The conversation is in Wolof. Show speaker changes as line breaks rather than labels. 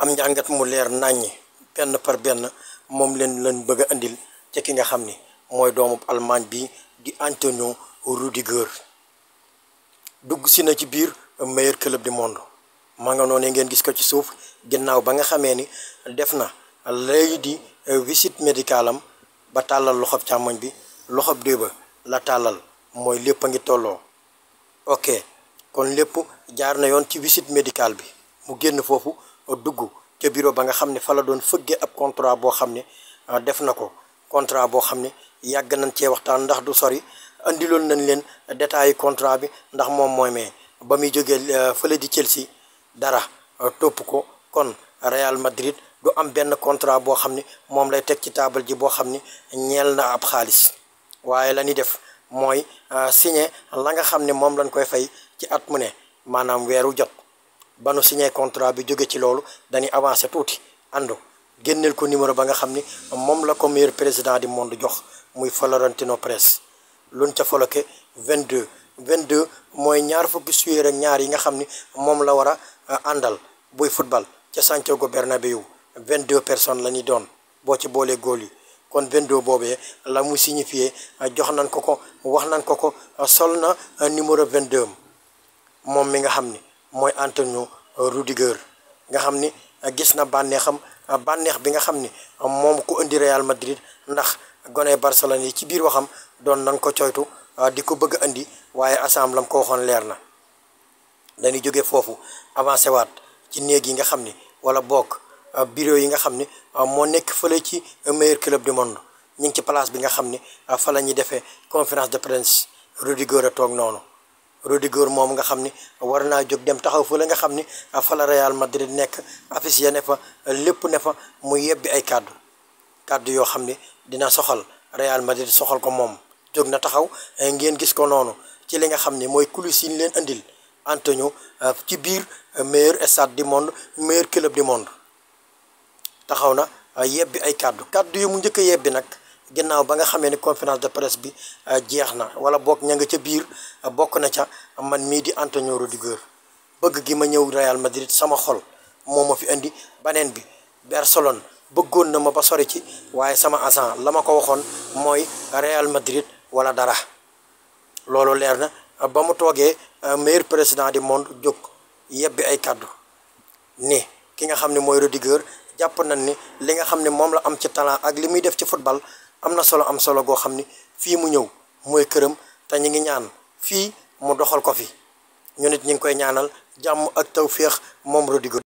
am njàngat mu leer nàññi benn par benn moom leen leen bëgg indil ci ki nga xam ni mooy doomu Allemagne bi di Antonio Rudiger dugg si na ci biir meilleur club du monde ma nga noonu ngeen gis ko ci suuf ginnaaw ba nga xamee ni def na léegi di visite médicale ba tàllal loxob càmmoñ bi loxob dee la tàllal mooy lépp a ngi tolloo ok kon lépp jaar na yoon ci visite médicale bi mu génn foofu o dugg ca bureau ba nga xam ne fa la doon fëggee ab contrat boo xam ne ah, def na ko contrat boo xam ne yàgg nañ cee waxtaan ndax du sori andiloon nañ leen détails contrat bi ndax moom mooy mais ba muy jógee euh, fële di Chelsea dara euh, topp ko kon Real Madrid du am benn contrat boo xam ne moom lay teg ci taabal ji boo xam ni ñeel na ab xaalis waaye la ñuy def mooy euh, signe la nga xam ne moom lañ koy fay ci at mu ne maanaam weeru jot ba nu contrat bi jóge ci loolu dañuy avancé tuuti àndu génneel ko numéro ba nga xam ni moom la ko meilleur président du monde jox muy Florentino Perez luñ ca foloke vingt deux mooy ñaar fukki suyéer ak ñaar yi nga xam ni moom la war a euh, àndal buy football ca Santiago vingt 22 personnes la ñuy doon boo ci boolee góol yi kon 22 boobee la mu signifié euh, jox nañ ko ko wax nañ ko ko euh, sol na numéro 22 moom mi nga xam ni mooy Antonio Rudiger nga xam ni eh, gis na bànneexam eh, bànneex bi nga xam ni eh, moom ku indi Real Madrid ndax gone Barcelone yi ci biir waxam doon nan ko coytu di ko bëgg indi waaye assemble lam ko waxoon leer na dañuy jóge foofu avancé waat ci néeg yi nga xam ni wala bokk bureau yi nga xam ni moo nekk fële ci meilleur club du monde ñu ngi ci place bi nga xam ni fa la ñuy defee conférence de presse Rudiger a toog noonu Rudiger moom nga xam ni war naa jóg dem taxaw fa la nga xam ni fa la Real Madrid nekk affiche ya ne fa lépp ne fa mu yebbi ay kàddu kàddu yoo xam ni dina soxal Real Madrid soxal ko moom jóg na taxaw ngeen gis ko noonu ci li nga xam ni mooy coulisse yi ñu leen andil Antonio ci biir meilleur stade du monde meilleur club du monde taxaw na yebbi ay kàddu kàddu yu mu njëkk a yebbi nag ginnaaw ba nga xamee ni conférence de presse bi euh, jeex na wala bokk ña nga ca biir euh, bokk na ca man mii di Antonio Rudiger bëgg gi ma ñëw Real Madrid sama xol moo ma fi indi baneen bi Barcelone bëggoon na ma ba sori ci waaye sama agent la ma ko waxoon mooy Real Madrid wala dara loolu leer na ba mu toogee euh, meilleur président du monde jóg yebbi ay kàddu ni ki nga xam ne mooy Rudiger jàpp nañ ni li nga xam ne moom la am ci talent ak li muy def ci football am na solo am solo goo xam ni fii mu ñëw mooy këram te ñu ngi ñaan fii mu doxal ko fi ñu nit ñu ngi koy ñaanal jàmm ak féex moom Rodrigo